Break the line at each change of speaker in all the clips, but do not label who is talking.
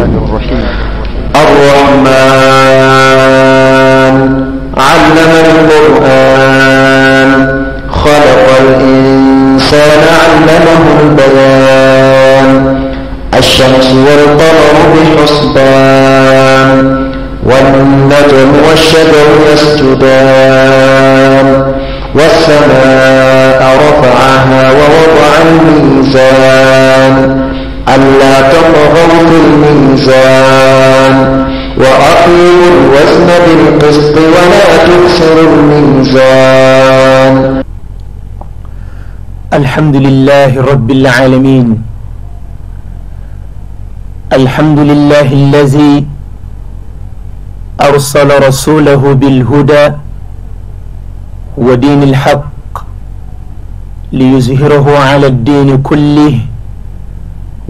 الرحمن الرحيم الرحمن علم القرآن خلق الإنسان علمه البيان الشمس والقمر بحسبان والنجم والشجر يسجدان الحمد لله رب العالمين الحمد لله الذي أرسل رسوله بالهدى ودين الحق ليزهره على الدين كله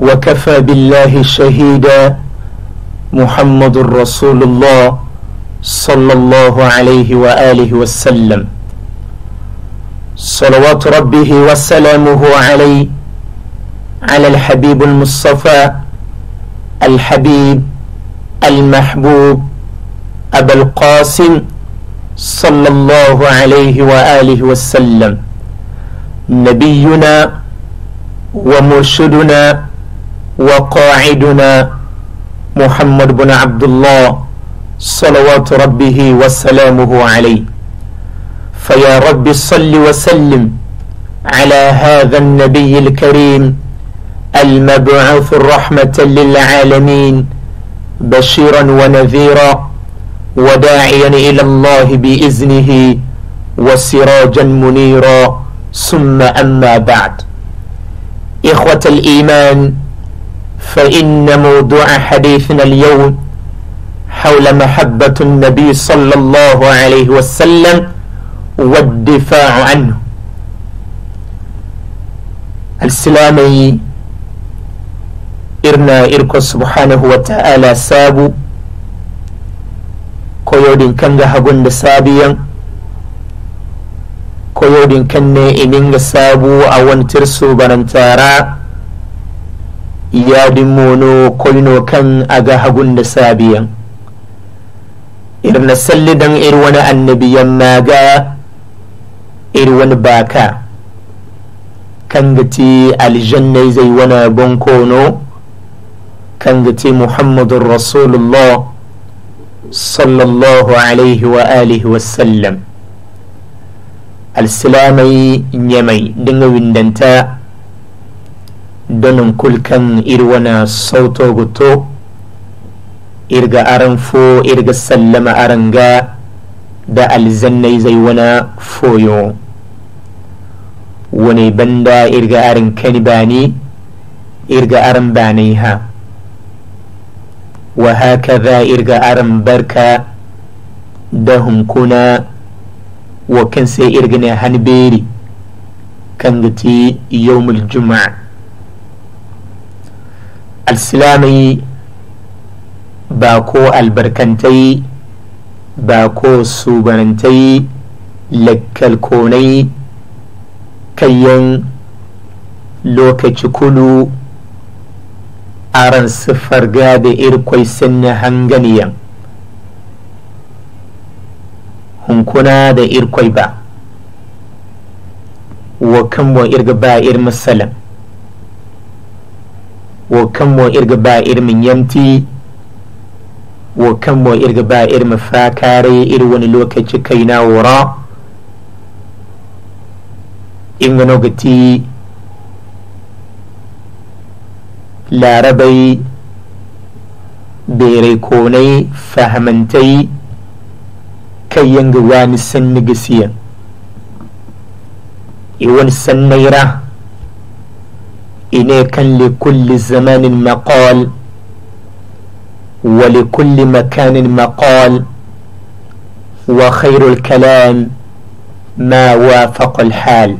وكفى بالله شهيدا محمد رسول الله صلى الله عليه وآله وسلم صلوات ربه وسلامه عليه على الحبيب المصطفى الحبيب المحبوب أبا القاسم صلى الله عليه وآله وسلم نبينا ومرشدنا وقاعدنا محمد بن عبد الله صلوات ربه وسلامه عليه فيا رب صل وسلم على هذا النبي الكريم المبعوث رحمة للعالمين بشيرا ونذيرا وداعيا إلى الله بإذنه وسراجا منيرا ثم أما بعد إخوة الإيمان فإن موضوع حديثنا اليوم حول محبة النبي صلى الله عليه وسلم والدفاع عنه السلامي irko إركو سبحانه وتعالى سابو koyodin kan ga hagun da sabiyan koyodin kan ne inin sabu a wantar su barantara iyadin mono koyno kan a ga hagun da sabiyan irna sallidan ir wani annabiyan maga iri wani baka gati aljannai zai wana kan gati muhammadun rasulullah sallallahu alaihi wa alihi wasallam alsilamai nyamai dinga windanta donin kulkan irwana sauto guto irga aran fo irga sallama aranga da alzannai zai wana foyo wani banda irga arin kani bani irga arin bani ha wa haka za irga arin barka da hunkuna wa kan sai irga ne hanberi kan gati yawmul al alsilamai ba ko albarkantai ba su suubanantay lakalkonai kayan lokaci kulu aran sifarga da irkwai sinna hanganiyan hunkuna da irkwai ba wa kanwa irga ba ir masalan wa kanwa irga ba ir min yamti وكم مو إرم فاكاري إروان الوكا جكينا ورا إنغنو قتي لا ربي بيري كوني فهمنتي كي ينغوان سن قسيا إيوان سن نيرا إني كان لكل زمان مقال ولكل مكان مقال وخير الكلام ما وافق الحال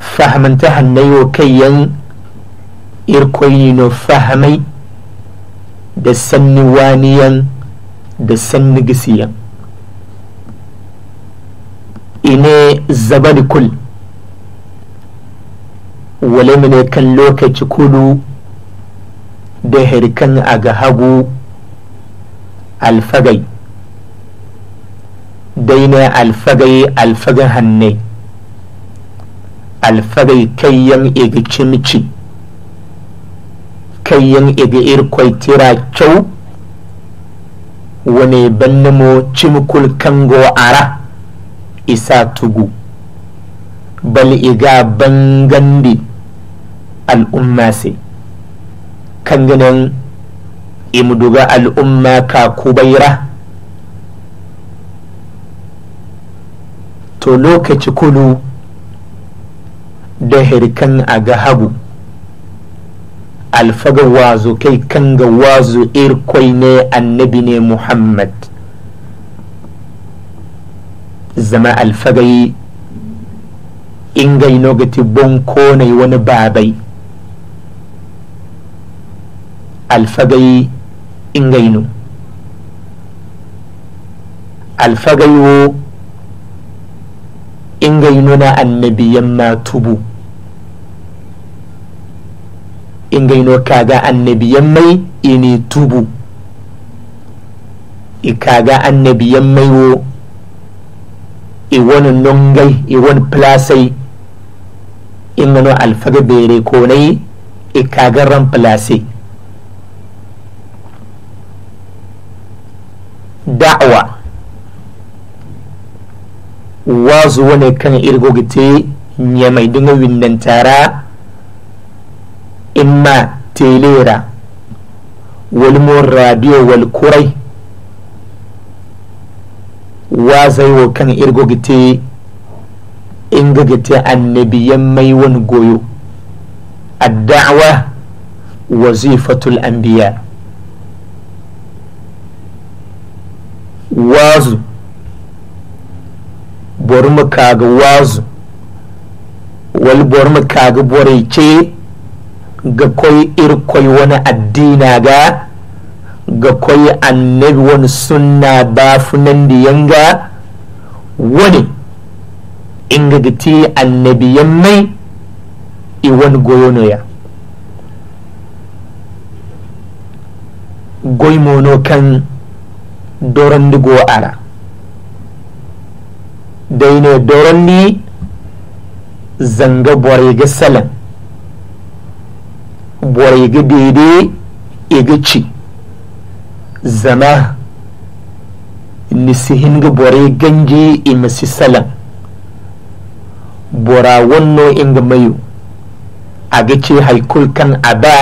فهمن تهنيو كيا إركوين فهمي دسن وانيا دسن قسيا إني الزبان كل ولمن كان لوكا تكونوا da a ga hagu alfagai daina alfagai alfagan hanne alfagai kayan iga cimci kayan iga irkwai tira kyau wane bannamo cimkul kango ara isa tugu bal iga bangandi al'umma sai kan ganin imduga al'umma ka kubaira to lokaci kulu da hirkan a ga hagu alfaga wazo kai kan ga wazo irkwai ne annabi ne muhammad zama alfagai ingai nogati bon konai wani babai alfagai ingainu wo ingainu na annabiyan tubu ingaino kaga annabiyan mai ini tubu ikaga annabiyan mai wo iwon nongai iwon plasai ingano alfaga bere konai ikaga ran plasai da'wa wazu wane kan irgogite nyamai dinga tara imma telera wal radio wal kurai wazai wa kan irgogite ingagite annabiyan mai wani goyo addawa wazifatul anbiya wazu bor mu kaga wazu wani bor mu kaga ce ga iri irkoy wani addina ga ga koy annabi wani sunna funan da yanga wani inga gati annabi yammai ya goyi mono kan doron go ara daine doron ni zanga bore ga salan bore ga daidai iga e ci zama nisihin ga bore ganje imasi salan bora wanno inga mayu ga ce haikulkan a ba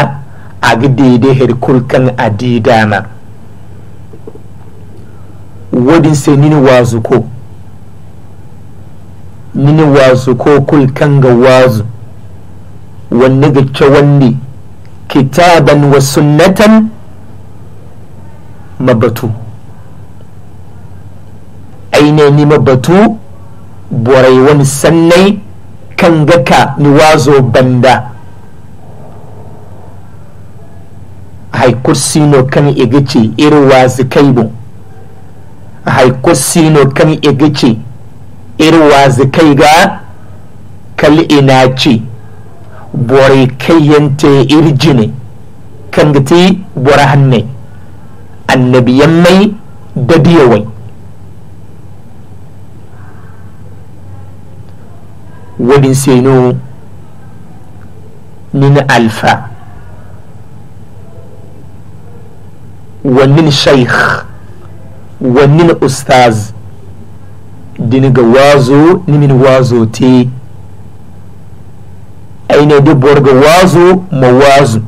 ga daidai harkul kan adidana wadin sai nini wazu ko nini wazu ko kul kanga wazu wanne ga wani kitaban wa sunnatan mabatu aine ni mabatu borai wani sannai kan gaka ni wazo banda haikur kan igici wazu zikaibu haikosino kan igici irwa zikai ga kal'inaci bore kayyante irjine kan gati bore hannu annabiyan mai dadiyawai wadin seno nin alfa wannan shaikh wannan ustaz ga wazo nimin wazo te da de ga wazo ma wazo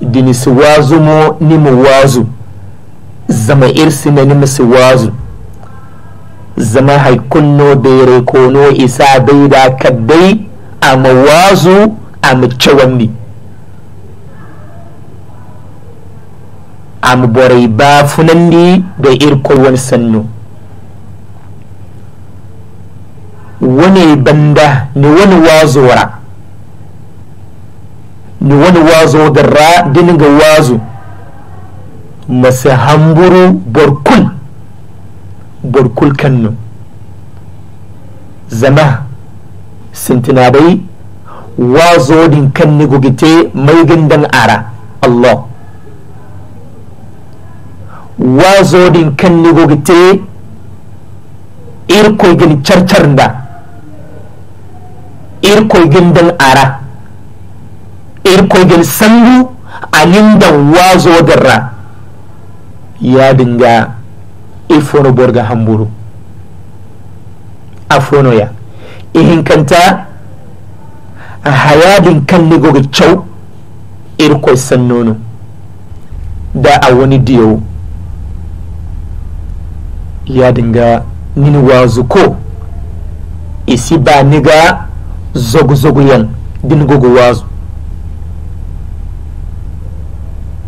dini su wazo mo nima wazo zama irsi na nima su wazo zama haikunno ya kono isa bai da kaddai a ma wazo a wani am boray bafunandi da irkoy wane sannu woni banda ni waazo ra ni woni wazo garra dininga wazu masi hamburu borkul kaŋ kannu zama sintinabai waazo din kanni gugite mai gindan ara allah wazodin kannigogite irkoygin carcarnda irkoygin dan ara irkoygin sandu anindan wazodinra yadinga ifono borga hamburu afonoya ihinkanta hayadin kannigogi caw irkoy sannono da a wani diyowo Ya dinga nini ko isi ba niga zogu zogu yan din gogo wazu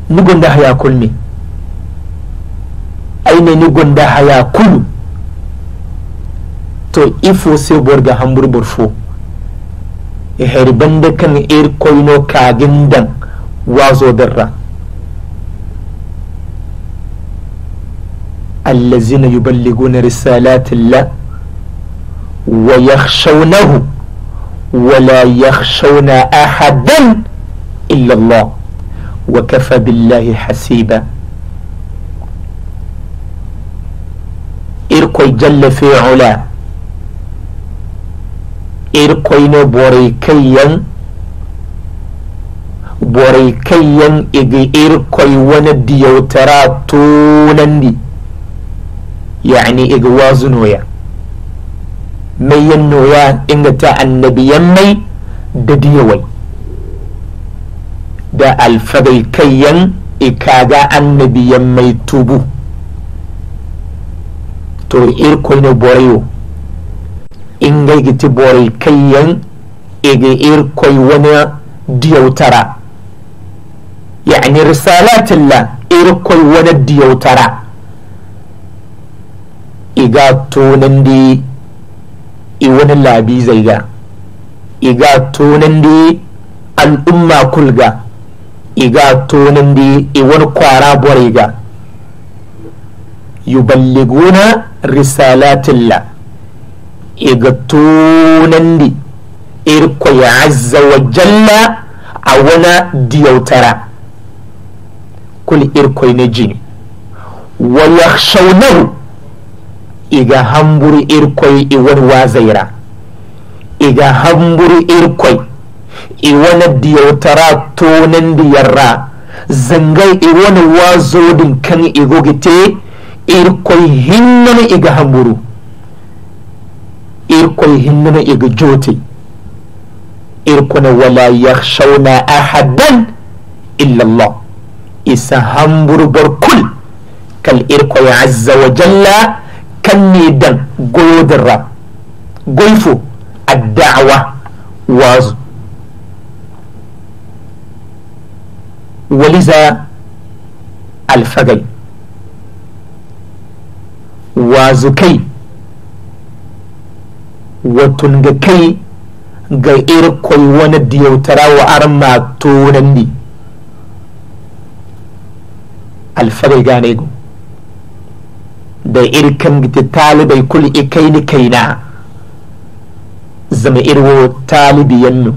ni gonda haya kulmi aine ni gonda haya kulu to ifo se borga hambur borfo e heri bande kan er koyno kagin dan wazo darra الذين يبلغون رسالات الله ويخشونه ولا يخشون أحدا إلا الله وكفى بالله حسيبا إركوي جل في علا إركوي بوريكيا بوريكيا igi irkoi wani diyautara tunandi yani iga wazu noya mai yan noya inga ta annabiyan mai da diyawai da alfagai ikaga annabiyan mai tubu to irkoi na boreyo inga giti borey kayyan iga irkoi wani diyautara yani risalatillah irkoi wani diyautara iga tonan de i wani labi ga iga tonan de al'umma kulga iga tonan de i wani kwara borega yuballiguna risalatilla iga tonan de irko ya azza wa jalla a wani diyautara kul irkwai na jini wa yakhshawnahu iga hamburu irkoi iwan wazaira iga hamburu irkoi iwana diyotara tonan diyarra zangai wazo wazodin kan igogite irkoi hinnana iga hamburu irkoi hinnana iga jote irkuna wala yakhshawna ahadan illa Allah isa hamburu barkul kal irkoi azza wa jalla da goyodira goyfo addawa waazu waliza kai wazukai ga kai ga irkoi wani diyautara wa arma turanni alfagai gane gu da irkan biti talibai kul ni kaina zama irwo yannu,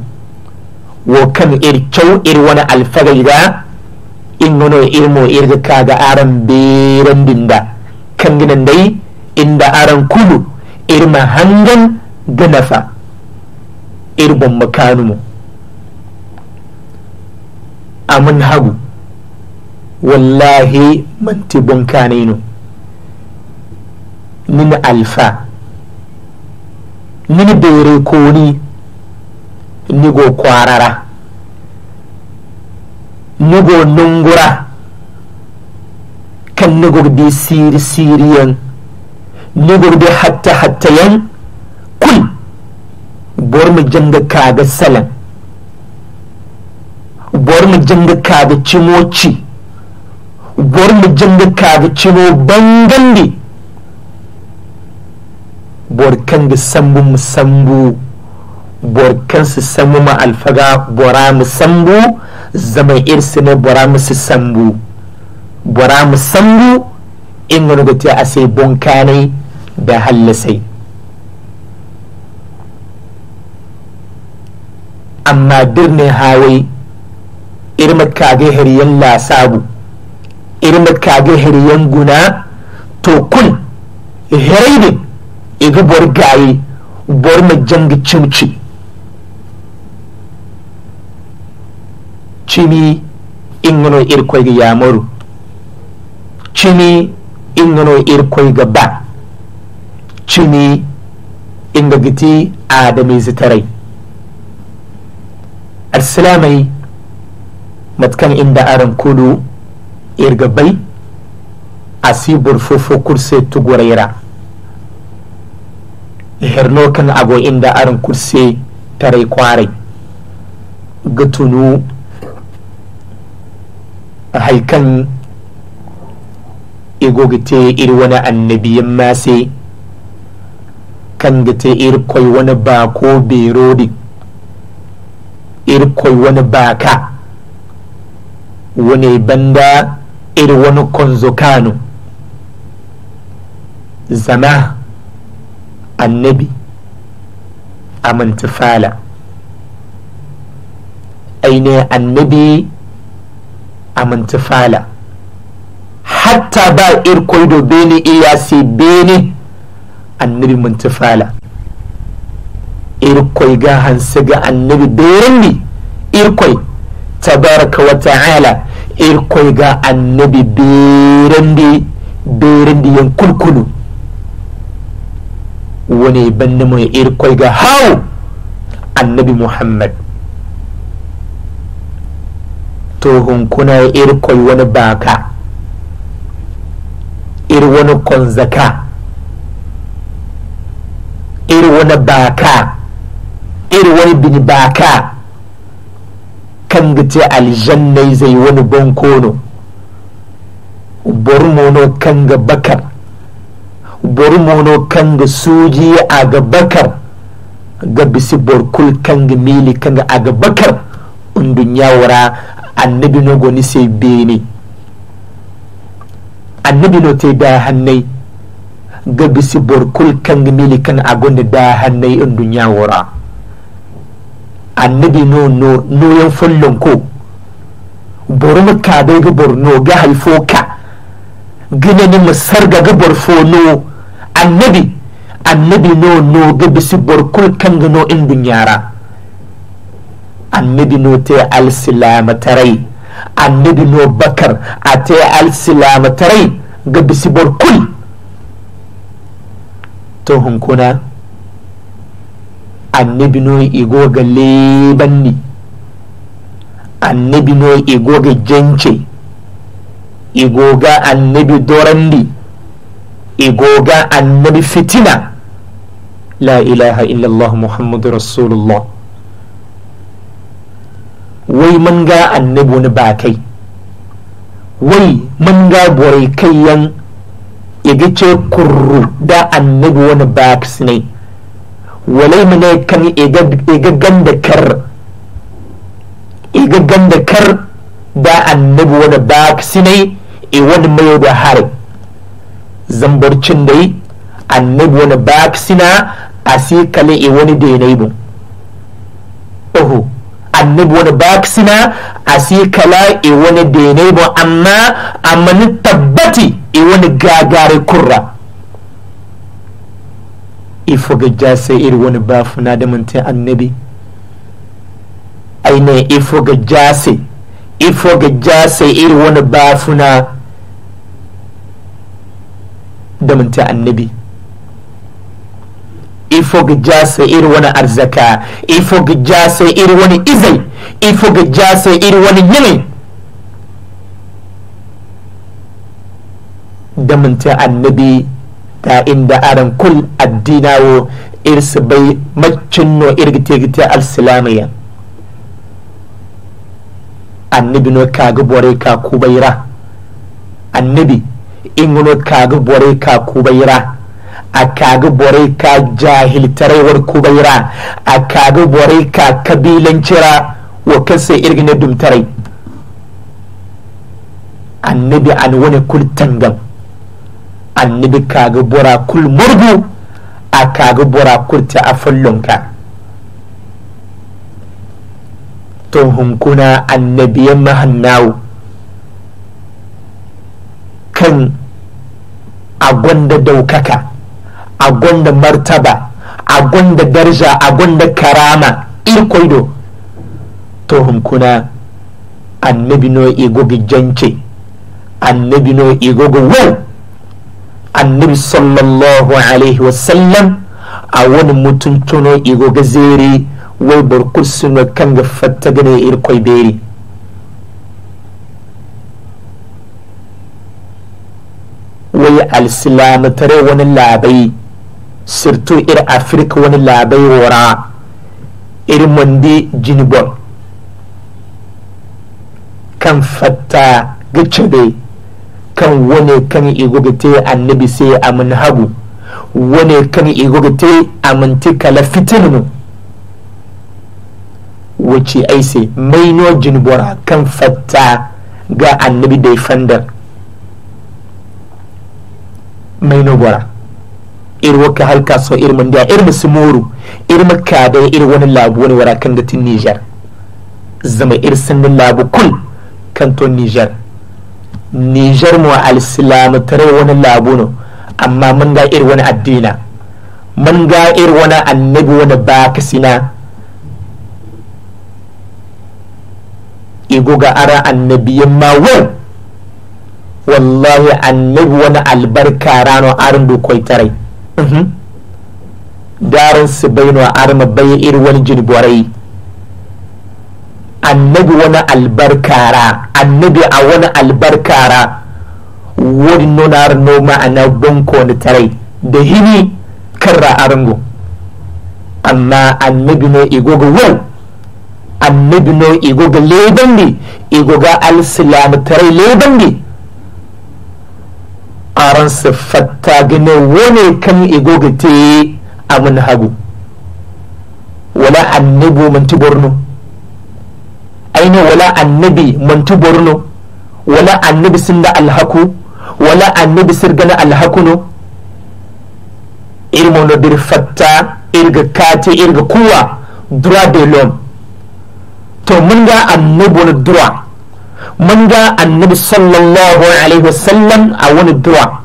wo kan wani alfagai da, in wani irmo irga kaga aran beran dinda kan ginan dai inda aran kulu irma hangan ganafa irbon makanumu mun hagu wallahi manti bunkaninu nini alfa nini bere koni nigo kwarara nigo nungura kan nigo bi siri siri siriyan nigo bi hatta hattayan kul bor mu janga kaga salan bor mu janga kaga cimoci bor mu janga kaga cimo bangandi borkan da sambu musambu borkan su sambu ma alfaga bora musambu zama irsi ne bora musu sambu bora musambu in wani gutu a sai bonkanai da hallasai amma birnin hawai irma kage hariyan lasabu irma kage hariyan guna to kun hiraidin igi bor gaye bor ma jangi cimci cimi ingano irkoi ga yamaru cimi ingano irkoi ga ba cimi inga giti adami zitarai arsilamai matkan inda aran kudu irga bai asibur fofo kurse tugwaraira hernokan kan ago inda arin kurse tare kwarai ga tunu haikan gite iri wani annabiyan mase kan gite irkoi wani bako berodi irkoi wani baka wani banda iri wani konzo kano zama annabi a mantifala ainihin annabi a mantifala hatta ba irkoido bene iya sai bene annabi mantifala irkoi ga hansu ga annabi bene irkoi tabaraka wa hala irkoi ga annabi berende berende yankulkulu kulkulu Wani woni mai irkwai ga hau annabi muhammad to hunkunaye baka woni baaka ir wani konzaka ir wani baaka ir baka kan gace aljannai zai wani bankono bonkono bormono kanga bakar bor mono kanga suji aga bakar ga bisi bor kul kanga mili kanga aga bakar undu nyawra annabi no goni sai beni annabi no te da hannai ga bisi bor kul kanga mili kanga agonda da hannai undu nyawra annabi no no no yan fullon ko bor mu ka dai ga bor no ga halfo ka gina ni mu sarga ga bor fo no annabi annabi no no ga bisi kan ga no in dunyara annabi no te al tarai annabi no bakar a te al tarai ga bisi kul to kuna annabi no igo ga lebanni annabi no igo ga jance igo ga annabi dorandi igoga annabi fitina la ilaha illallah muhammadu rasulullah wai man ga annabi wani ba kai wai man ga borai kayyan igice kurru da annabi wani ba ne walai mana kan igaggan da kar igaggan da kar da annabi wani ba ne i wani mai da harin yi annabi woni baksina asi kale e woni denayi ba oho annabi woni baksina asi kala e woni denayi ba amma amma ni tabbati e wani gagare kurra ifo ga jasa iri wani bafunade mante da ayne annabi faut ifo ga jasa faut que jase iri woni bafuna da munta annabi ifo jasa iri wani arzaka ifo jasa iri wani izai ifo jasa iri wani yini da munta annabi ta inda aran kul addinawo irsu bai no irgite-gite al-silamiya annabi no kaga bore ka kubaira annabi ingunot kaga bore ka kubaira a kaga bore ka jahiltarewar kubaira a kaga bore ka kabilancira wa kasa na dumtarai annabi an wani kul tangam annabi kaga bora kul murbu a kaga bora kurta a fallonka tun hunkuna annabiyan mahannawu kan a gwanda daukaka a gwanda martaba a gwanda darja a gwanda karama irkoido to hunkuna annabi no igogi jance annabi no igogi wow annabi sallallahu alaihi wasallam a wani mutuntuno igogi zere wai kan kanga fattagane irkoi beri wai tare wani labai sirtu ir afirka wani labai wara irin mundi jinibon kan ga gicabe kan wani kan igogite annabi sai amin hagu wani kan igogite aminti kala fitinu wace aise maino jinibora kan fata ga annabi dai fandar mainogora ir waka halka so ir mandiya ir musimoru ir makada ir wani labu wani wara kan gatin Niger zama ir sanin labu kul kanton Niger Niger mu al-islam tare wani labu no amma mun ga ir wani addina mun ga ir wani annabi wani na igo ga ara annabiyan ma wani wallahi annabi wani albarka rano arin dokoi tarai mhm. darin su baino arma bayan iri wani jiniborai annabi wani albarkara annabi a wani albarkara wani nonar noma a na banko tarai da hini karra aringo amma annabi no igoga wau annabi no leban ne igoga alsilamu tarai ne aransa fattagene wone kam igogete amin hagu wala annabu manti borno no wala annabi manti borno wala annabi sinda alhaku wala annabi sirgana alhakuno irmo no dir fatta kaate iri ga kuwa droit de l'homme to mun ga annabi no droit mun ga annabi sallallahu alaihi wasallam a wani dura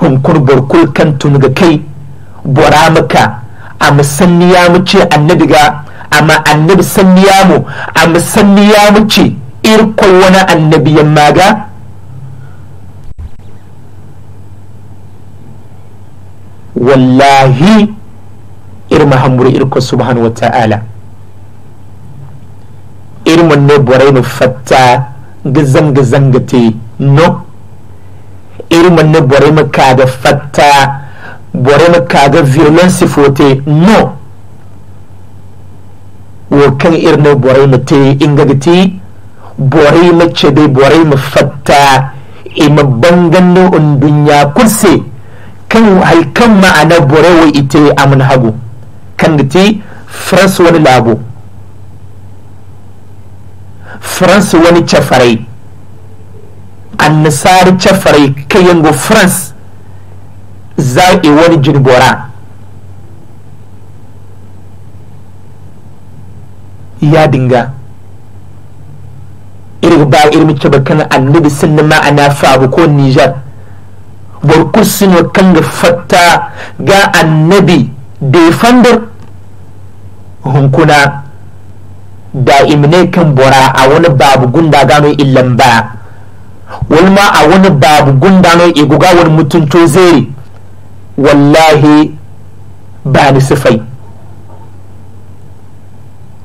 hunkur burkul kan ga kai bora maka a musanniya mu ce annabi ga amma annabi ya mu a musanniya mu ce irko wani annabiyan maga wallahi irma hamburu irko subhanahu wa ta'ala irmun ne borayno fatta gizam zanga te no irmun ne borayma kaga fatta borayma kaga violence fote no wo kan irne borayma te inga gate borayma cede borayma fatta ima banganno on dunya kurse kan halkan ma'ana wai ite amin hagu kan gate fras wani labo france wani cafarai annisari cafarai kayango france zaɓe wani jinbora ya dinga irga ba irmi caba kan annabi sinna ma'ana fabu ko nijar borkul sino kan ga fatta ga annabi defender hunkuna da imne kan bora a wani babu gunda gano illan ba wani ma a wani babu gunda no iguga wani mutunto zai wallahi ba ni sifai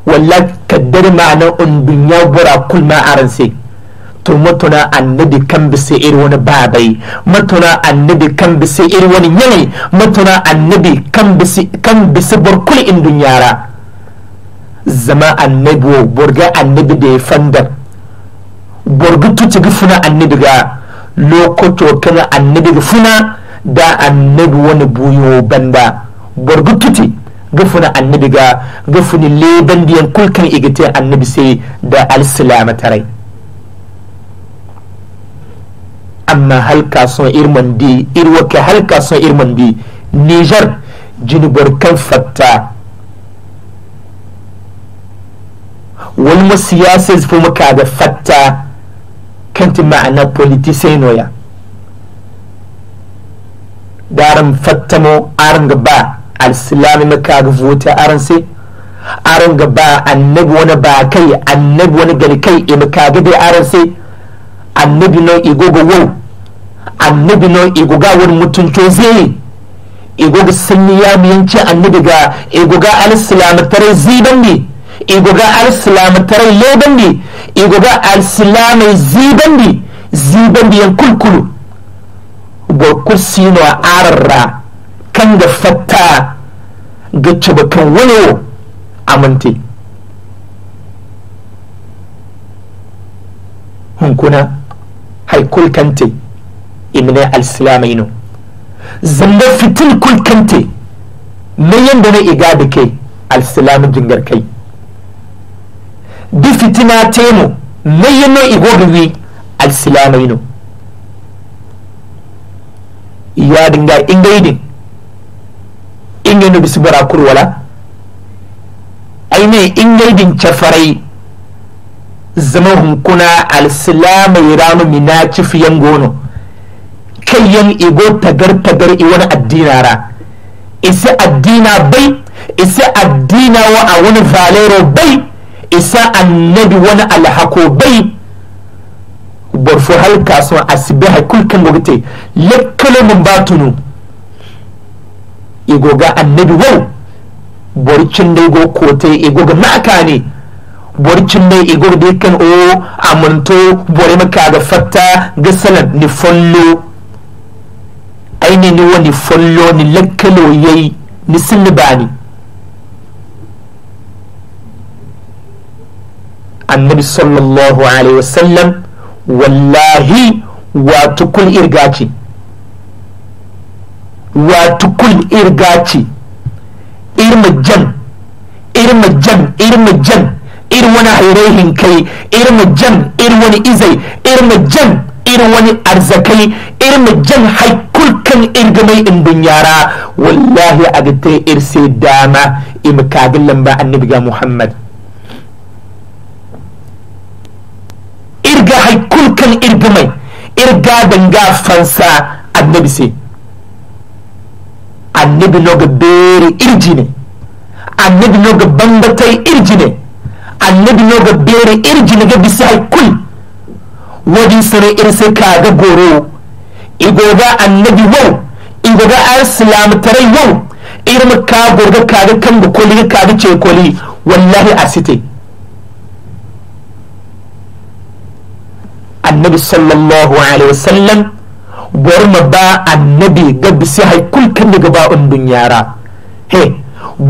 wallahi kaddar ma'ana un ya bora kulma a aranse to matuna annabi kan bisa iri wani babai matuna annabi kan bisa iri wani yanayi matuna annabi kan bisa burkul in dunyara zama annabi wo burga annabi ya fandar borgu tuti gi funa annabi ga lokoto kana annabi gi funa da annabi wani buyo banda burga tuti gi funa annabi ga gi funi leban diyan kulkan igite annabi sai da alsilama tarai amma halka son irman di irwaka halka son irman di nijar jini burkan fatta Wani ma siyasa zafi fuma da fatta kanti ma'ana politisai politisenoya fata fattamo arin ba alisilami ma kaga vota sai arin ba annabi wani ba kai annabi wani gani kai e ima kaga dai sai annabi no igogo e wau annabi no igoga e wani mutunto zai igoga e sanyi ya miyanci annabi ga igoga alisilami tare ziban ne igoga alsilama tarai lebandi igoga alsilama zibandi zibandi yan kulkulu bor kursino arra kan ga fatta ga cuba kan wani aminti hunkuna haikul kante imine alsilamaino zamba fitil fitin kante na yanda na iga da kai alsilamin jingar kai da fitina teno leyino igogiwi alsilamaino iyadinga ingaidin ingeno bisi ay kurwala aine din cafarai zama hunkuna alsilamai rano mina cifiyan yaŋ i igo tagar tagar iwani i si addina bai si addina wo a wani valero bai isa annabi wani bai barfu halka sun asibe haikul kan gogite yakkale mun tunu igoga annabi wau borcin dai igoga kote igoga naka ne borcin dai igoga da yakan o amanto bore maka ga fatta ga salad ni follo aini ni wani follo ni lakkalo yayi ni silbani annabi sallallahu alaihi wasallam wallahi watukul irga ce watukul irga Irma jan, irma jan, ir wani hairehin kai irma ir wani izai irma ir wani arzakai irmajan haikul kan irgamai in yara wallahi a ga dama imkagin lamba annabi ga muhammad Ga hay kul kan irga mai irga danga fansa annabi se annabi noga beeri irji ne annabi noga bandatay irji ne annabi noga beeri irji ne ga bisa hay kul wadi sare irse kaga goro igoga annabi wow igoga ar islam tarai wau irin ka gorga kaga kan da koli kaga ce koli wallahi asite annabi sallallahu alaihi wasallam gwarma ba annabi gabisi hay kulkan daga ba on dunyara he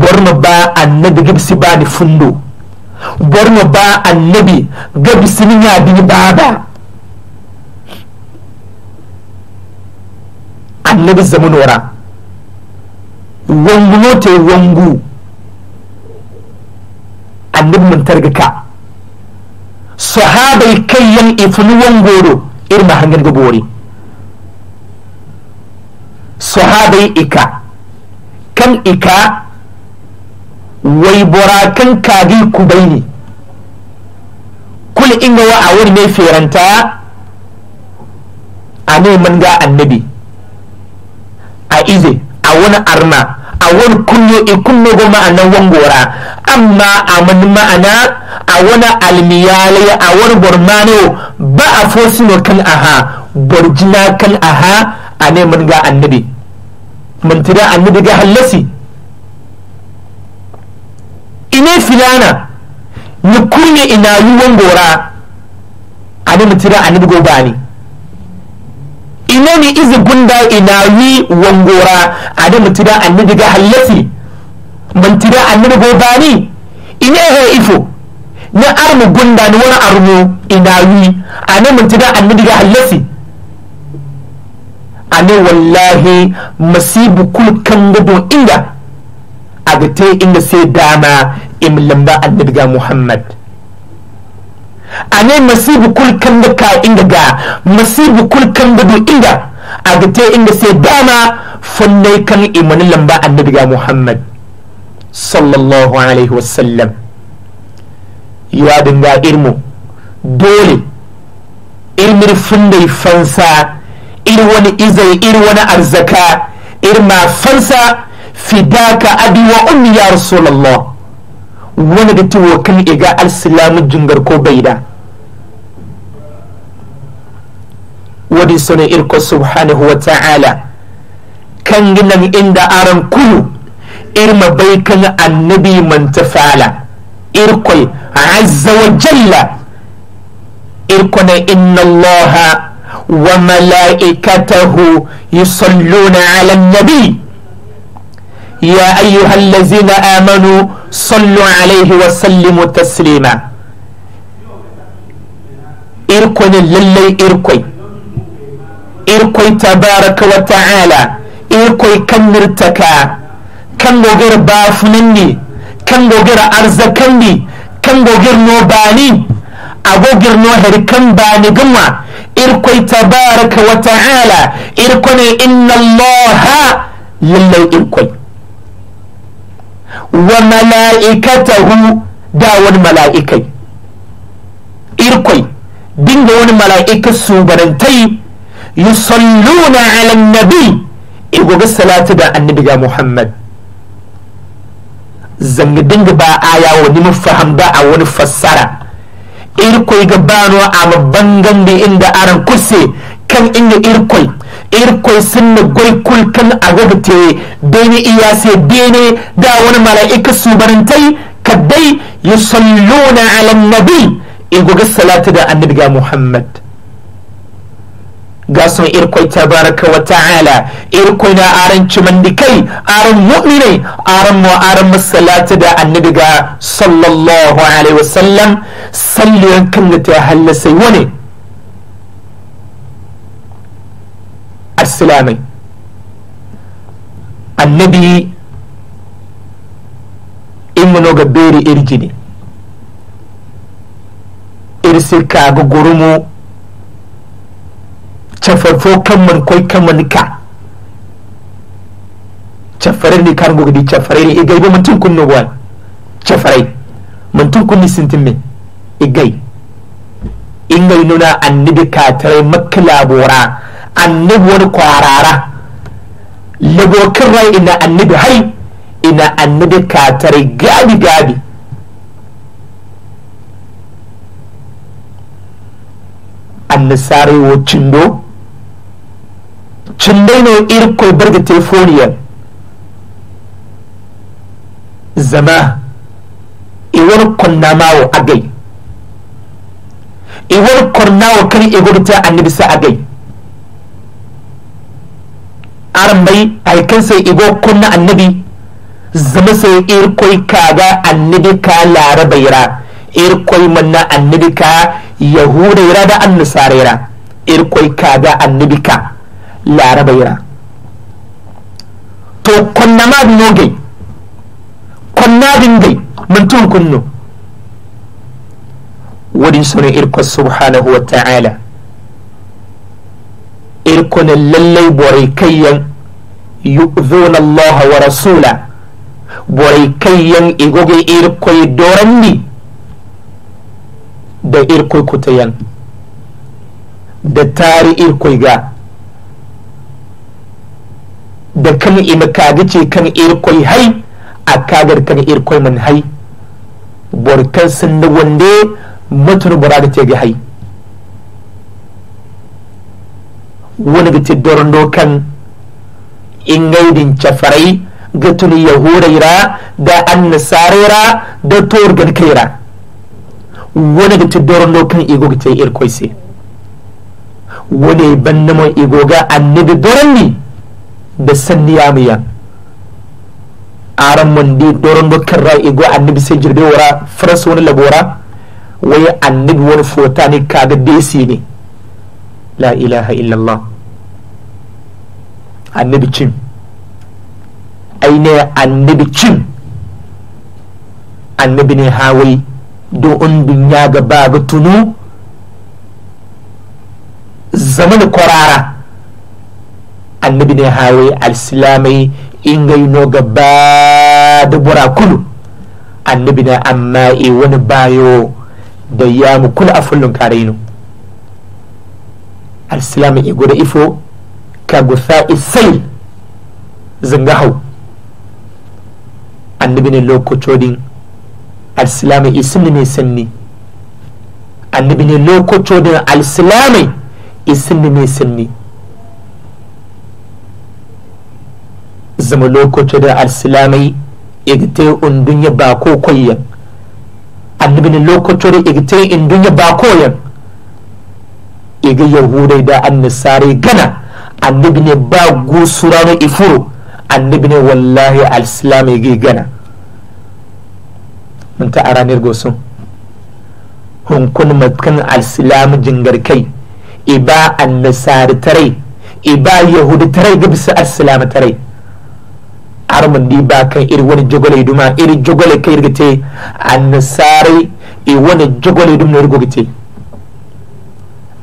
gwarma ba annabi gabisi ba ni fundo gwarma ba annabi gabisi ni ya bi baba annabi zaman wara wangu mote wangu annabi mun ka. sahabai kayyan ifluwan goro irma hangar gabori sahabai ika kan ika wai burakan kadi kubaini kul inga wa a wuri mai feranta a neman ga annabi a ize a wani arna a wani kunyo i kunno go ma'ana wangora amma a man ma'ana a wani almiyalai a wani bormano ba a fosino kan aha borjina kan aha a ne mun ga annabi mun tira annabi ga hallasi ine filana ni kunye ina yi wangora a ne mun tira annabi go ni. inoni izi gunda inawi wangora da tida annabi ga hallasi man tida annabi go bani ine he ifo na armu gunda ni wani armu inawi ane man tida annabi ga hallasi ane wallahi masibu kul kanga don inda agate inda sai dama imlamba annabi ga muhammad ane masibu kul kanda ka inga ga masibu kul kanda a inga agate inga sai dama fannai kan imanin lamba annabi ga muhammad sallallahu alaihi wasallam ya dinga irmu dole irmir fundai fansa ir wani izai ir wani arzaka ir ma fansa fidaka abi wa ummi ya rasulullah wani da tuwo kan iga alsilamu jingar ko baida wadi sone irko subhanahu wa ta'ala kan ginan inda aran kulu irma bai kan annabi man tafala irko azza wa jalla irkona inna allaha wa mala'ikatahu yusalluna ala nabi يا أيها الذين آمنوا صلوا عليه وسلموا تسليما إركن lallai إركن irkoy tabaraka wa ta'ala irkoy kannirtaka kango ger bafunandi kango ger arzakandi kango ger no bani ago ger no her kan bani gumwa irkoy tabaraka wa ta'ala irkone inna allaha lallai irkoy wa mala'ikatahu da wani mala'ikai irkwai dinga wani mala'ika subarantai yusalluna ala nabi igoga salatu da annabi ga muhammad zanga dinga ba aya wani mafaham ba a wani fassara irkoi ga bano a babban gambe inda aran kurse kan inda irkoi irkoi sinna goi kul kan agaga te bene iyase bene da wani mala'ika subarantai kaddai yusalluna ala nabi igoga salatu da annabi ga muhammad gason irkoi tabaraka wa ta'ala irkoi na aran kai aran mu'minai aran mu aran masalata da annabi ga sallallahu alaihi wasallam sallan kan ta sai wani assalamai annabi in ga beri irjini irsi ka ga gurumu cafafoo man koy kamman ka cafarai ne kan gogdi cafarai ne igay ba mantun kun nogwal cafarai mantun kun sintin me igay ingay nuna annabi ka tare makla bora annabi wani kwarara labokin rai ina annabi hai ina annabi kaa taray gaabi gabi annasare wo cindayno irkoy da telefoniya zama iwar konnamawo agay iwar wa kan igurta annibisa agay arambay sai igo kunna annabi zama sai irkoy kaga annabi ka larabayra irkoy manna annabi ka yahudayra da annasarayra irkoy kaga annabi ka larabaira to konna ma bi noge konna dingai muntun kunno wadin sura irko subhanahu wa ta'ala irko ne lallai borai kayyan yu'dhuna Allah wa rasula borai kayyan igoge irko doranni da irko kutayan da tari irko ga da kan ina kaga ce kan irkoi hai a kagar kan irkoi man hai borkan sun da wande mutum bura da ce hai wani ga tiddoron dokan in gaidin cafarai ga tuni yahuraira da ra da torgan kaira wani ga tiddoron dokan igo ga ce irkoi sai wani ban naman igo ga annabi doron ne da sanniyamiya aran mandi doron dokan rai igo annabi sai jirbe wara wani labora wai annabi wani fota ne kaga desi ne la ilaha illallah annabi cin aine annabi cin annabi ne hawai don undun ga gaba ga tunu zama da kwarara annabi ne hawe alsilamai ingai no gaba da bura kulu annabi ne amma e wani bayo da ya mu kula a fullun karenu alsilamai e guda ifo ka gusa isai zanga hau annabi ne lokacodin alsilamai e isin ne sanni annabi ne lokacodin alsilamai e isin ne sanni zama lokoto da alsilamai igte undunya ba ko koyan annabi ne lokoto da igte indunya ba yan iga yahudai da annasari gana annabi ne ba gusura na ifuro annabi ne wallahi alsilamai ga gana mun ta aranar gosun hunkun matkan alsilamu jingar kai iba annasari tarai iba yahudi tarai ga bisa alsilamu tarai armin di ba kan iri wani jogole duma iri jogole kai rigite annasare e wani jogole dum no rigogite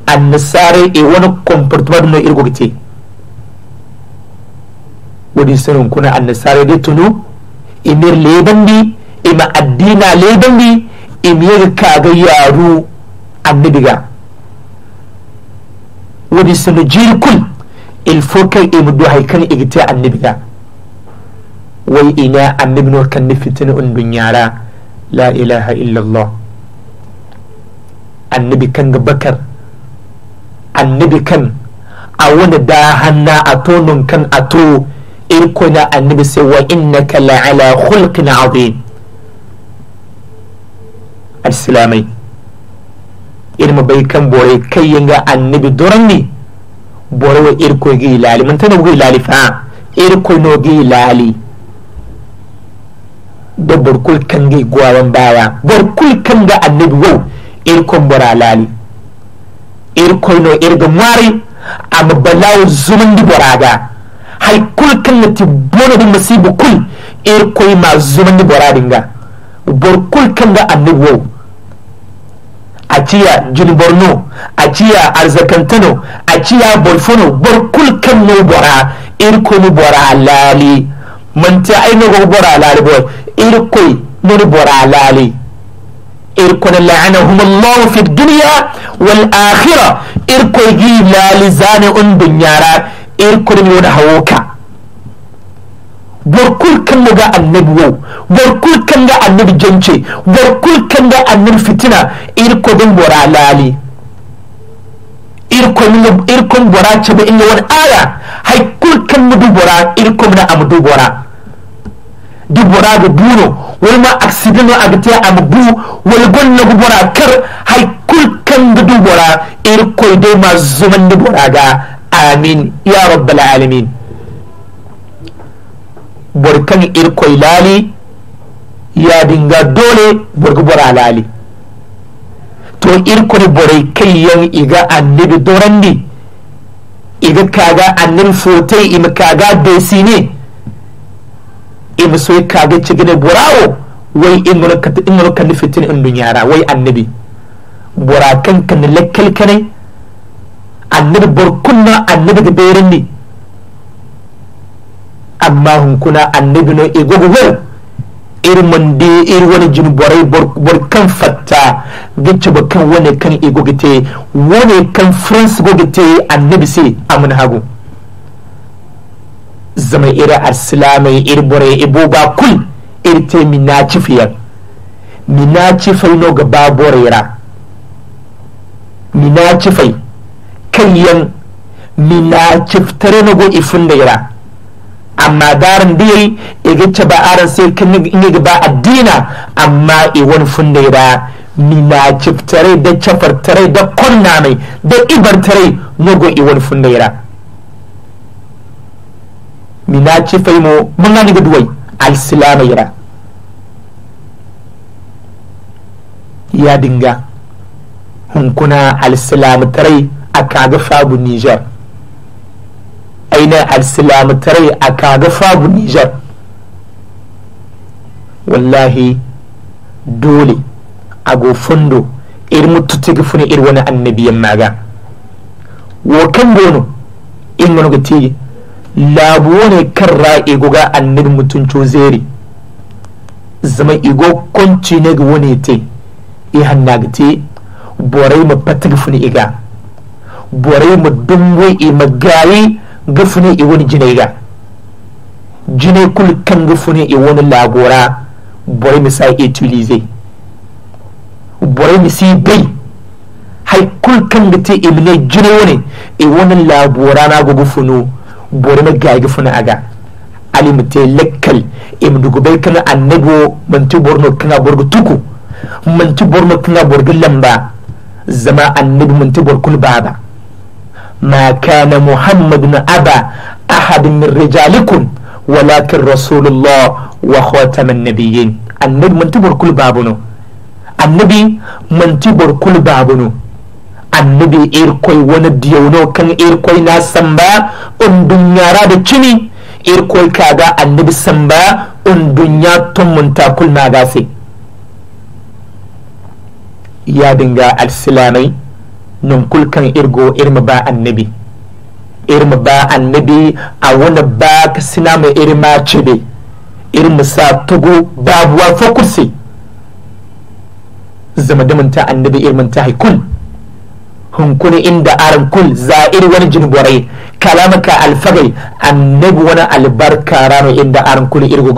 annasare e wani comportement dum no irgogite wadi sanin kuna annasare de tunu imir lebandi ima addina lebandi imir kaga yaro annabiga wadi wani jirkul il faut que imu do haykan igite annabiga wai ila annabinor kan nifitin un dunyara la ilaha illallah annabi kan ga bakar annabi kan a wani da hanna a tonon kan a to na annabi sai wa innaka ala khulqin azim al-islamai irma bai kan bore kai yanga annabi duran ne bore wa irko gi lali mun tana gi lali fa irko no gi lali da burkul kange gwawan baya burkul kanga annabi wau irkon bora lali irkoi no irga mwari ama balaw zulum di boraga hay kul kanga ti bono di masibu kul irkoi ma zulum di boradinga burkul kanga annabi wo a ciya jini borno a ciya arzakantano a ciya bolfono borkul kan no bora irkon bora lali manta ainihin bora lali boy irkoy nir bora lale irkon la'anahum Allah fi duniya wal akhirah irkoy gi lali zane on dunyara irkon mi wona hawoka borkul kan annabi wo borkul kan ga annabi jance borkul kan ga annabi fitina irko din bora lali irkon bora ce ba inda wani aya haikul kan bora dubora irkon na amu dubora di bora ga buno wani ma accident a ga tiya am wani gonna na bora kar haikulkan kul kan ga du bora ir koy ma zuman di bora ga amin ya rabbal alamin burkan iri ir lali ya dinga dole bor bora lali to iri koy borai kai yan iga annabi dorandi iga kaga annabi fotai im kaga ne ibu soy kage cigine burawo way ingolo kandi fitini in duñara wai annabi bora kan ne lekkel annabi bor kunna annabi ga ne amma hunkuna annabi no e gogo wer ir mande ir wani jin borai bor kan fatta gicce ba wani kan e gogite wani kan france gogite annabi sai amun hagu zama ira arsilamai irbore ibo ba kul irte mina cifiyar mina cifai no ga babore ira minaci fai kayyan mina tare na go ifun da ira amma darin da yayi iga ce ba aran sai kan inga ba addina amma i wani fun da ira mina tare da cafar tare da kunna mai da ibar tare no go i wani fun da ira mina ci mën naa ni duwai al silama yira ya dinga hunkuna al silama tarai akaga fabu niger aina al silama tarai akaga fabu niger wallahi dole ago fundo ir muttutigi funi ir wani annabiyan maga wo kan bono in wani ga tigi labuwa ne kan ra'i guga annabi mutum zeri zama igo kunci ne ga wani te i hanna ga te borai ma patig funi iga borai ma dungwe i magayi ga funi i wani jine iga jine kul kan ga funi i wani lagora borai mi sai utilize borai ma sai bai hay kul kan ga te imne jine wani i wani na gugu funu borno gagi funa aga alimte lekkal imdugubay kana annabo manti borno kana borgo tuku manti borno kana borgo lamba zama annabi manti borkul baba ma kana muhammadun aba ahad min rijalikum walakin rasulullah wa khataman nabiyyin annabi manti borkul babuno annabi manti borkul babuno annabi irkoi wani diyauno kan irkoi na samba undun yara da cini irkoi kaga annabi samba undun ya tumunta kulna gase ya dinga alsilanai nun kulkan irgo irma ba annabi irma ba annabi a wani ba ka sina mai irma cibe irma sa tugu babuwa fokusi zama damunta annabi irma ta haikun hunkuni inda arkul kul za'ir wani jinborai kalamaka alfagai annabi wani albarka rano inda arkul kul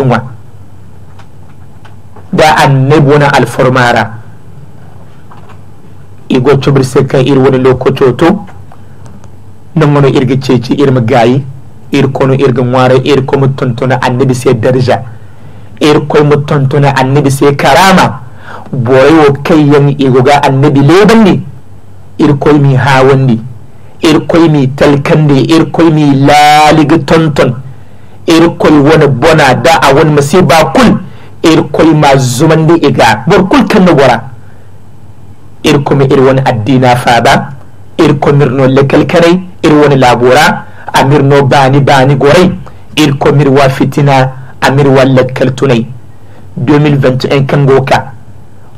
da annabi wani alfarmara igo cubir kan iri wani lokototo nan wani irgi ceci irin magayi ir kono irga ngwara ir ko mutuntuna annabi sai darja ir ko mutuntuna annabi sai karama borai wo kai yan igoga annabi leban ne irkoi mi hawandi irkoi mi talkande irkoi mi laliga tonton irkoi wani bona da a wani masi ba kul irkoi ma zuman da e iga bor kul kan na gwara. irko mi ir wani addina fada irko mirno lekalkarai ir wani labora a mirno bani bani gorai irko mirwa fitina a mirwa lekaltunai 2021 kan goka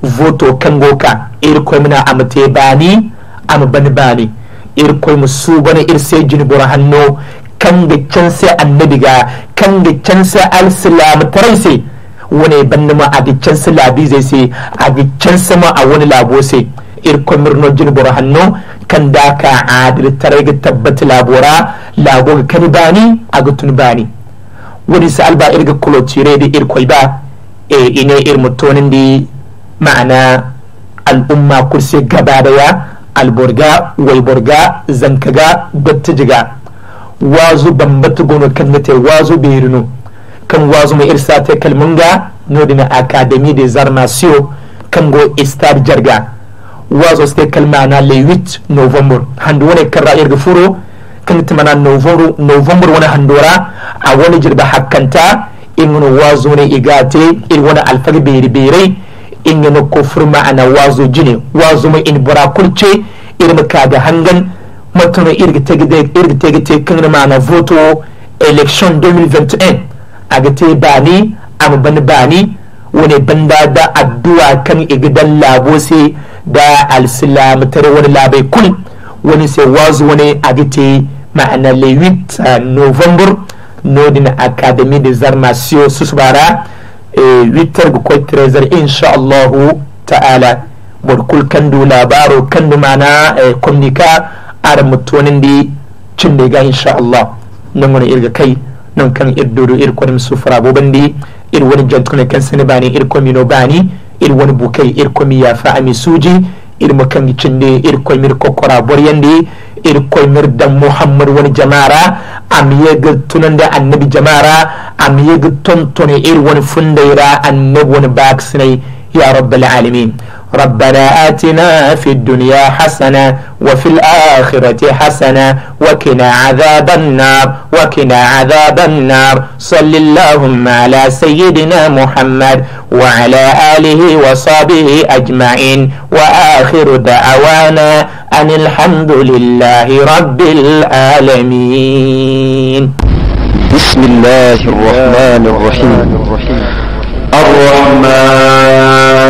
voto kan goka irko mina amate bani ama bani bani ir koy musubana ir sai jini bora hanno kanga can annabi ga kanga can al alsilam tarai sai wani banna ma adi can sai labi zai sai adi can sama a wani labo sai ir koy mirno jini bora hanno kan da ka adir tabbata labora labo ga kani bani a ga ba bani wani sa alba irga kulotire da ir koy ba e ine ir mutonin di ma'ana al'umma kursi gaba daya alborga wayborga zankaga dottijiga wazu bambatu gono kannate wazu berino kan wazu mai irsate kalmanga nodina académie des arts martiaux kango star jarga wazo ste kalmana le 8 novembre handu wone karra irga furo kan mana novembre novembre wani handora a wani jirba hakkanta ingno wazo ne igate ir wona alfag beri beri ingana kofur ma'ana wazo jine wazo ma in bura kurce irma kaga hangan matuna irga kan ma'ana voto election 2021 aga bani amma ban bani wani banda da addu'a kan igidan labo sai da alsilam tare wani labai kul wani sai wazo wani agite ma'ana le november nodin academy da arts martiaux susbara wittar eh, ga kwai trezor insha allahu ta'ala bor kandu labaro kandu mana eh, komnika ara mutonin di cinde ga insha allah nan wani irga kai nan kan irdodo ir kwanim sufra boban di ir wani jantukuna kan sani bani ir no bani ir wani bukai ir komi ya fa'ami suji ir cin da ir komir kokora bor da irkoymir dan muhammad wani jamara amiyega tunanda annabi jamara amiyega tontone ir wani fundayra annabi wani baksinay ya rabbil alamin ربنا آتنا في الدنيا حسنة وفي الآخرة حسنة وكنا عذاب النار وكنا عذاب النار صل اللهم على سيدنا محمد وعلى آله وصحبه أجمعين وآخر دعوانا أن الحمد لله رب العالمين بسم الله الرحمن الرحيم الرحمن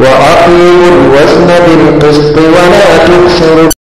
وأقيموا الوزن بالقسط ولا تكسروا